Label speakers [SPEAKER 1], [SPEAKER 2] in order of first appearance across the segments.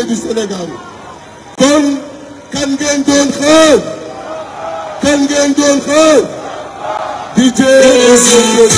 [SPEAKER 1] souveraineté du Sénégal kon kan ngeen doon xaar kan ngeen doon xaar di jël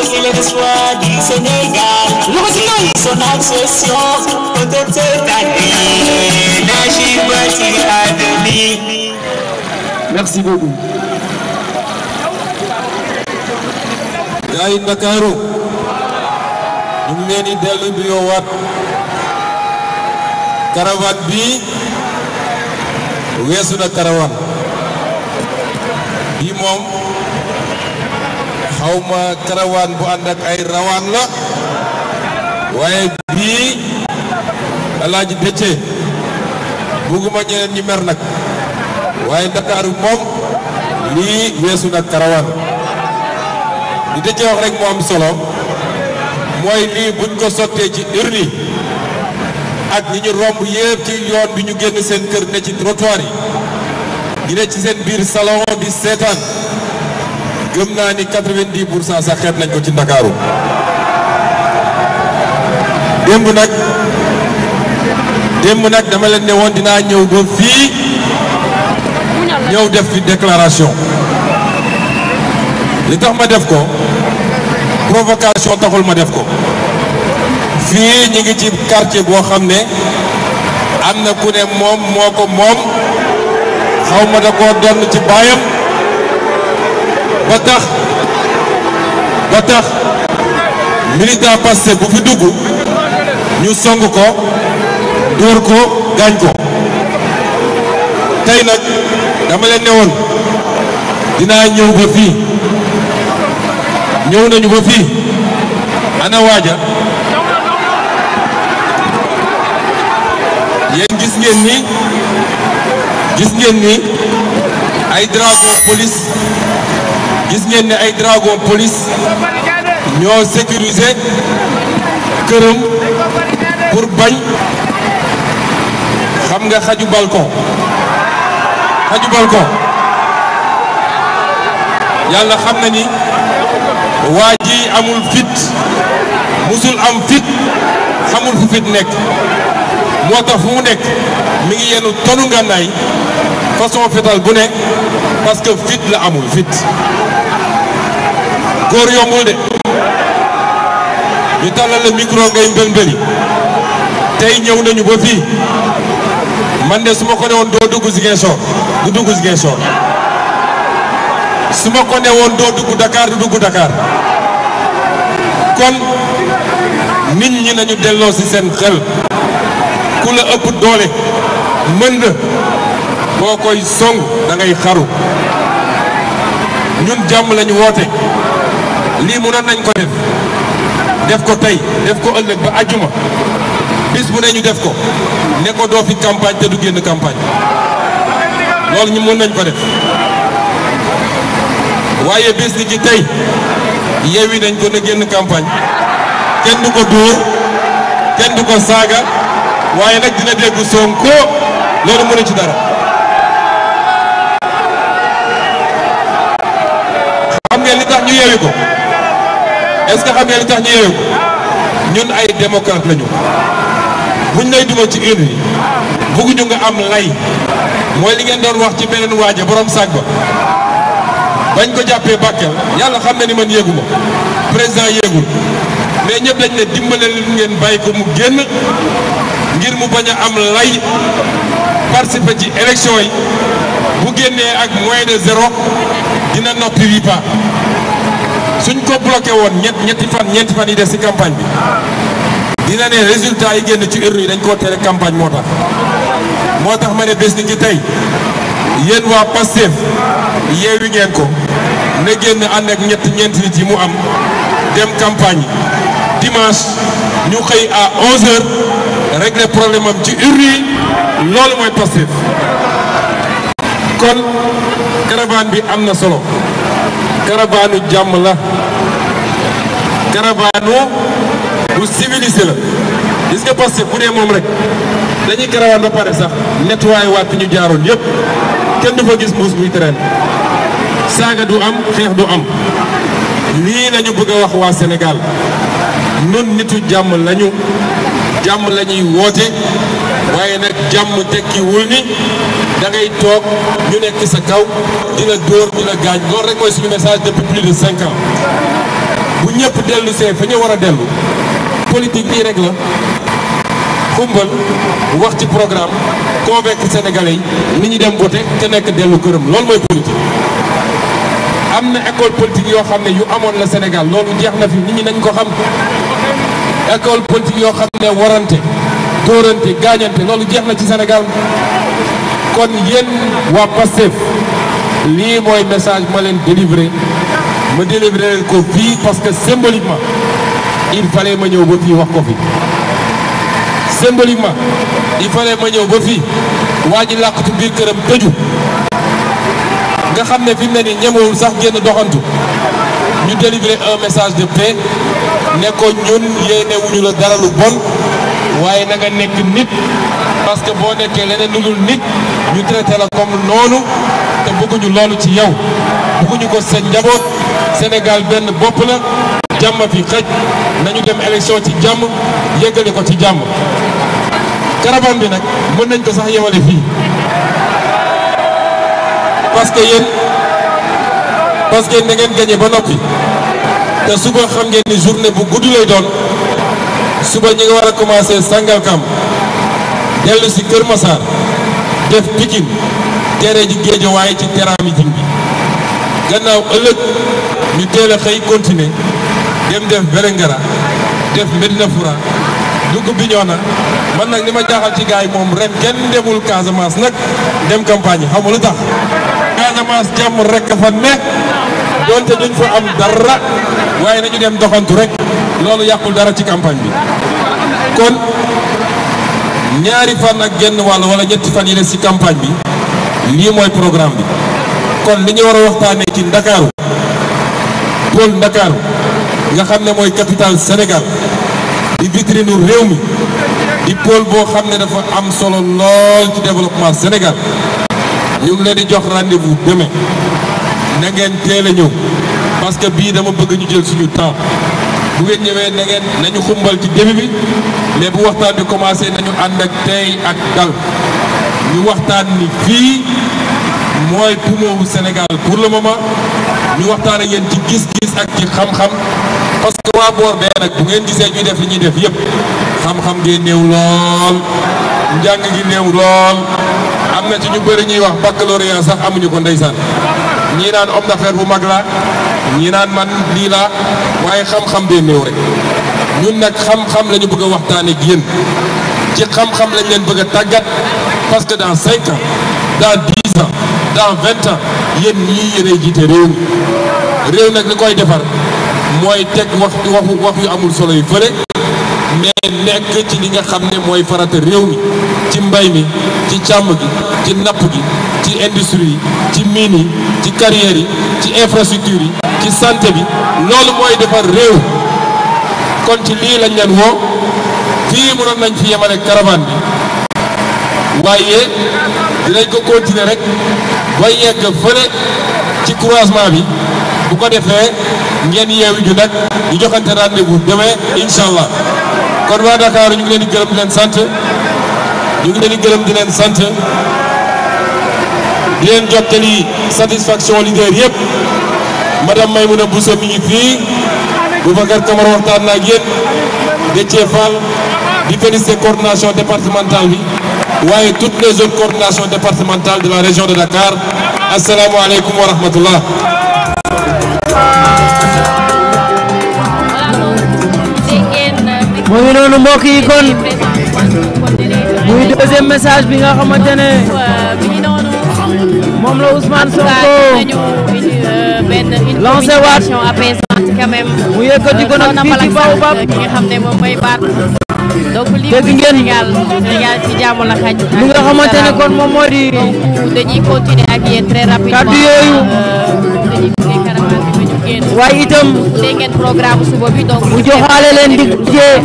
[SPEAKER 1] qu'il est le soir du Sénégal. Son bi yoo na caravane yi moom xaw karawaan bu ànd ak ay rawaan la waaye bii alaaji dëcce bugguma ñeneen ñi mer nag waaye ndakaaru moom lii weesu nag karawaan di dëcce wax rek mu am solo mooy lii buñ ko sottee ci urne ak ñi ñu romb yépp ci yoon bi ñu génn seen kër ne ci trottoir yi ñi ne ci seen biir salon di seetaan gëm naa ni 90 di cent sax xeeb nañ ko ci Ndakaaru démb nag démb nag dama leen ne woon dinaa ñëw ba fii ñëw def fi déclaration li tax ma def ko provocation taxul ma def ko fii ñi ngi ci quartier boo xam ne am na ku ne moom moo ko moom xaw ma da koo donn ci baayam ba tax ba tax militant Pastef bu fi dugg ñu song ko dóor ko gaañ ko tey nag dama leen ne woon ñëw ba fii ñëw nañu ba fii ana waaja gis ngeen ni gis ngeen ni ay dragon police gis ngeen ni ay dragon police ñoo sécuriser këram pour bañ xam nga xaju balcon xaju balcon yàlla xam na ni waa ji amul fit musul am fit xamul fu fit nekk moo tax fu mu nekk mi ngi yenu tonu ngànnaay façon fetal bu nekk parce que fit la amul fit góor yombul de ñu tàllal la micro ngay mbël tey ñëw nañu ba fii man de su ma ko ne woon doo dugg Ziguinchor du dugg Ziguinchor su ma ko ne woon doo dugg Dakar du dugg Dakar kon nit ñi nañu delloo ci seen xel ku la ëpp doole mën na boo koy song da xaru ñun jàmm lañu woote lii mënoon nañ ko def def ko tey def ko ëllëg ba ajjuma bis bu ne ñu def ko ne ko doo fi campagne te du génn campagne loolu ñu mën nañ ko def waaye bis ni ci tey yewi nañ ko ne génn campagne kenn du ko dóor kenn du ko saaga waaye nag dina dégg Sonko loolu mënu ci dara yeewi ko est-ce que xam ngeen li tax ñu yeewi ko buñ lay duma ci urne yi bëgguñu nga am lay mooy li ngeen doon wax ci beneen waaja borom sàgg ba bañ ko jàppee Bakel yàlla xam na ni man yéegu ma président yéegul mais ñëpp dañ ne dimbale leen ngeen bàyyi ko mu génn ngir mu bañ a am lay participer ci élection yi bu génnee ak moins de zéro dina noppi wi suñ ko bloqué woon ñett ñetti fan ñeenti fan yi des ci campagne bi dina ne résultat yi génn ci urne yi dañ koo tere campagne moo tax moo tax ma ne bés ni ki tey yéen waa Pastef yeewi ngeen ko na génn ànd ak ñett ñeenti nit yi mu am dem campagne dimanche ñu xëy à 11h régler problème ci urne yi loolu mooy Pastef kon caravane bi am na solo karabaanu jàmm la karabaanu bu civilisé la gis nga Pastef bu dee moom rek dañuy karawaan ba pare sax nettoyé waat fi ñu jaaroon yépp kenn du fa gis mbuus buy traîne saaga du am xeex du am lii lañu bëgg wax waa Sénégal nun nitu jàmm lañu jàmm lañuy woote waaye nag jàmm tekkiwul ni da ngay toog ñu nekk sa kaw di la dóor di la gaañ cinq ans bu ñëpp dellu see fa ñu war a dellu politique bii rek la xumbal wax ci programme convaincre sénégalais yi ni ñu dem voté te nekk dellu këram loolu mooy politique am na ecole politique yoo xam ne yu amoon na Sénégal loolu jeex na fi nit ñi nañ ko xam école politique yoo xam ne warante dóorante gaañante loolu jeex na ci Sénégal kon yéen waa Pastef lii mooy message ma leen délivré ma délivré leen ko fii parce que symboliquement il ma ñëw ba fii wax ko fi symboliquement il fallait ma ñëw ba fii waa ji làqatu biir këram tëju nga xam ne fi mu ne nii ñemewul sax génn doxantu ñu délivrer un message de paix ne ko ñun yéene la dara lu bon waaye na nga nekk nit parce que boo nekkee leneen lu dul nit ñu traité la noonu te bëgguñu loolu ci yow bëgguñu ko sa njaboot Sénégal benn bopp la jàmm fi xëj nañu dem élection ci jàmm yëggale ko ci jàmm caravane bi nag mën nañ ko sax yemale fii parce que yéen parce que yéen da ngeen gagné ba noppi te suba xam ngeen ni journée bu gudd lay doon suba ñi nga war a commencé Sangalkam dellu si Kër Massar def Pikine tere ji waaye ci teraami jin bi gannaaw ëllëg ñu teel a xëy continuer dem def Vélingara def Médina Foura dugg Bignona man nag li ma jaaxal ci gars yi moom rek kenn demul Casamance nag dem campagne xam nga lu tax Casamance jàmm rek a fa nekk donte duñ fa am dara waaye nañu dem doxantu rek loolu yàqul dara ci campagne bi kon ñaari fan ak genn wàll wala ñetti fan yi des ci campagne bi lii mooy programme bi kon li ñu war a waxtaanee ci Ndakaaru pôle Ndakaaru nga xam ne mooy capitale Sénégal di vitrine réew mi di pôle boo xam ne dafa am solo lool ci développement Sénégal ñu leen di jox rendez-vous demain na ngeen a ñëw parce que bii dama bëgg ñu jël suñu temps bu ngeen ñëwee na nañu xumbal ci début bi mais bu waxtaan bi commencé nañu ànd ak tey ak dal ñu waxtaan ni fii mooy poumon Sénégal pour le moment ñu waxtaan ak yéen ci gis-gis ak ci xam-xam parce que waa boor bee nag bu ngeen gisee ñuy def li ñuy def yépp xam-xam gi néew lool njàng gi néew lool am na ci ñu bëri ñuy wax baccalauréat sax amuñu ko ndeysaan ñii naan homme bu mag la ñi naan man lii laa waaye xam-xam bee néew rek ñun nag xam-xam la bëgg a waxtaan ak yéen ci xam-xam lañ leen bëgg a tàggat parce que dans cinq ans dans dix ans vingt ans yéen ñii yéenay jiite réew mi réew nag li koy defar mooy teg wax waxu wax yu amul solo yu fële mais nekk ci li nga xam ne mooy farata réew mi ci mbay mi ci càmm gi ci napp gi ci industrie yi ci mine yi ci carrière yi ci infrastructure yi ci santé bi loolu mooy defar réew kon ci lii lañ leen woo fii mënoon nañ fi yemale caravane bi waaye dinañ ko continuer rek ba yegg fële ci croisement bi bu ko defee ngeen yeewi ju nag ñu joxante rendez-vous demain incha allah kon waa Dakar ñu ngi leen di gërëm di leen sant ñu ngi leen di leen sant di leen jottali satisfaction leader yëpp. madame Maymouna Bousso mi ngi fii Boubacar waxtaan na ak yéen di félicité coordination départementale de la région de Dakar asalaamualeykum wa rahmatullah mu ngi noonu mbokk yi kon muy deuxième message bi nga ne moom Euh, benn une communication apaisante mu yëkkati ko nag euh, fii ci Baobab nga xam kon moom di. dañuy continuer ak yéen très rapidement euh, waaye itam. dégg suba bi donc. mu joxaale leen dig jee.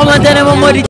[SPEAKER 1] incha